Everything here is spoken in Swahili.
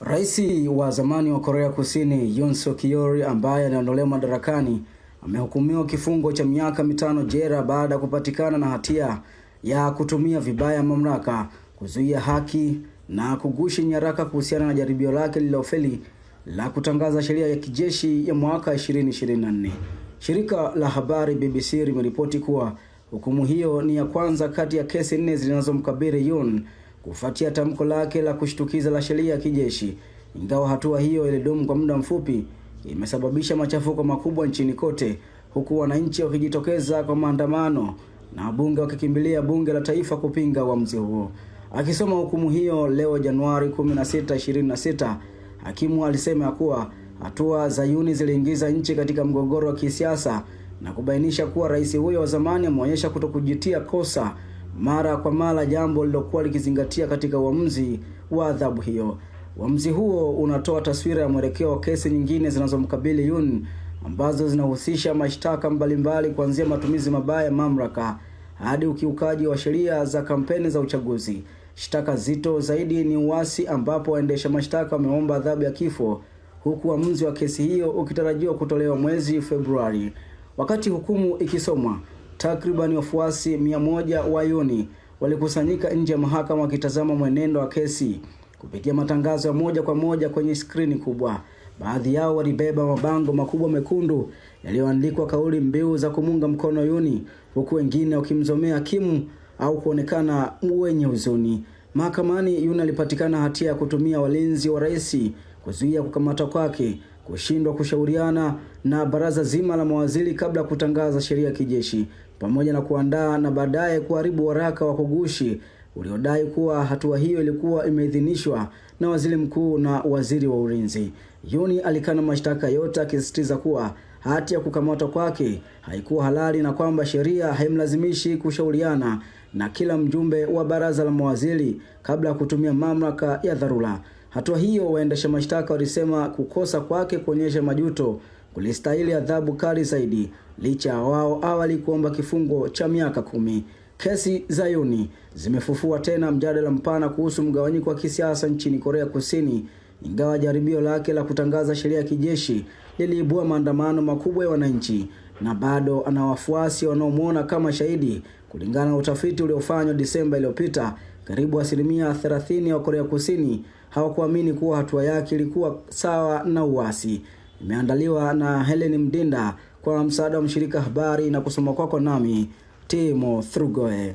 Rais wa zamani wa Korea Kusini Yoon Suk Yeol ambaye anaondolewa madarakani amehukumiwa kifungo cha miaka mitano jela baada ya kupatikana na hatia ya kutumia vibaya mamlaka, kuzuia haki na kugushi nyaraka kuhusiana na jaribio lake lililofeli la kutangaza sheria ya kijeshi ya mwaka 2024. Shirika la habari BBC limeripoti kuwa hukumu hiyo ni ya kwanza kati ya kesi nne zinazomkabili Yoon kufuatia tamko lake la kushtukiza la sheria ya kijeshi. Ingawa hatua hiyo ilidumu kwa muda mfupi, imesababisha machafuko makubwa nchini kote, huku wananchi wakijitokeza kwa maandamano na wabunge wakikimbilia bunge la taifa kupinga uamuzi huo. Akisoma hukumu hiyo leo Januari 16, 26, hakimu alisema kuwa hatua za yuni ziliingiza nchi katika mgogoro wa kisiasa na kubainisha kuwa rais huyo wa zamani ameonyesha kutokujitia kosa mara kwa mara, jambo lilokuwa likizingatia katika uamuzi wa adhabu hiyo. Uamuzi huo unatoa taswira ya mwelekeo wa kesi nyingine zinazomkabili Yun ambazo zinahusisha mashtaka mbalimbali kuanzia matumizi mabaya ya mamlaka hadi ukiukaji wa sheria za kampeni za uchaguzi. Shtaka zito zaidi ni uasi, ambapo waendesha mashtaka wameomba adhabu ya kifo, huku uamuzi wa kesi hiyo ukitarajiwa kutolewa mwezi Februari. Wakati hukumu ikisomwa Takriban wafuasi mia moja wa Yuni walikusanyika nje ya mahakama wakitazama mwenendo wa kesi kupitia matangazo ya moja kwa moja kwenye skrini kubwa. Baadhi yao walibeba mabango makubwa mekundu yaliyoandikwa kauli mbiu za kumunga mkono Yuni, huku wengine wakimzomea Kimu au kuonekana wenye huzuni. Mahakamani, Yuni alipatikana hatia ya kutumia walinzi wa rais kuzuia kukamatwa kwake, kushindwa kushauriana na baraza zima la mawaziri kabla ya kutangaza sheria ya kijeshi pamoja na kuandaa na baadaye kuharibu waraka wa kugushi uliodai kuwa hatua hiyo ilikuwa imeidhinishwa na waziri mkuu na waziri wa ulinzi. Yuni alikana mashtaka yote akisisitiza kuwa hati ya kukamatwa kwake haikuwa halali na kwamba sheria haimlazimishi kushauriana na kila mjumbe wa baraza la mawaziri kabla ya kutumia mamlaka ya dharura. Hatua hiyo, waendesha mashtaka walisema kukosa kwake kuonyesha majuto kulistahili adhabu kali zaidi, licha ya wao awali kuomba kifungo cha miaka kumi. Kesi za Yuni zimefufua tena mjadala mpana kuhusu mgawanyiko wa kisiasa nchini Korea Kusini, ingawa jaribio lake la kutangaza sheria ya kijeshi liliibua maandamano makubwa ya wananchi na bado ana wafuasi wanaomwona kama shahidi. Kulingana na utafiti uliofanywa Disemba iliyopita, karibu asilimia 30 ya Korea Kusini hawakuamini kuwa hatua yake ilikuwa sawa na uasi imeandaliwa na Helen Mdinda kwa msaada wa mshirika habari na kusoma kwako nami Timo Thrugoe.